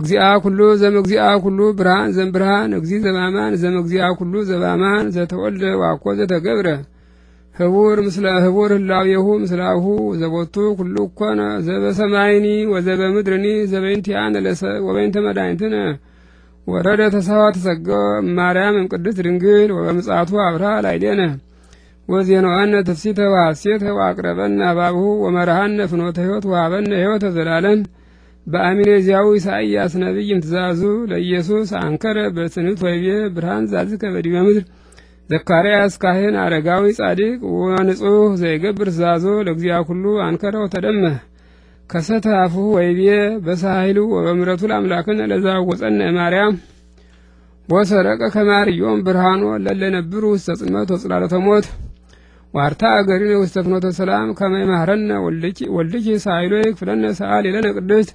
እግዚአ ኩሉ ዘም እግዚአ ኩሉ ብርሃን ዘም ብርሃን እግዚ ዘባማን ዘም እግዚአ ኩሉ ዘባማን ዘተወልደ ዋኮ ዘተገብረ ህቡር ምስለ ህቡር ህላዌሁ ምስላሁ ዘቦቱ ኩሉ እኮነ ዘበሰማይኒ ወዘበ ምድርኒ ዘበይንቲያነ ለሰ ወበይንተ መድኃኒትነ ወረደ ተሳዋ ተሰገ ማርያም እምቅድስት ድንግል ወበምጽአቱ አብርሃ ላይሌነ ወዜናዋነ ተፍሲተ ወሐሴተ ወአቅረበነ አባብሁ ወመርሃነ ፍኖተ ሕይወት ወሃበነ ሕይወተ ዘላለም ዚያው ኢሳይያስ ነቢይም ትእዛዙ ለኢየሱስ አንከረ በትንት ወይቤ ብርሃን ዛዝከ በዲበ ምድር ዘካርያስ ካህን አረጋዊ ጻድቅ ወንጹህ ዘይገብር ትእዛዞ ለእግዚአ ኩሉ አንከረው ተደመ ከሰተ አፍሁ ወይቤ በሳህሉ ወበምረቱ ለአምላክነ ለዛወፀነ ማርያም ወሰረቀ ከማርዮም ብርሃኖ ለለነብሩ ውስተ ጽልመት ወጽላሎተ ሞት ዋርታ አገሪነ ውስተ ፍኖተ ሰላም ከመ ይምሃረነ ወልድኪ ሳህሎ ይክፍለነ ሰአሊ ለነ ቅድስት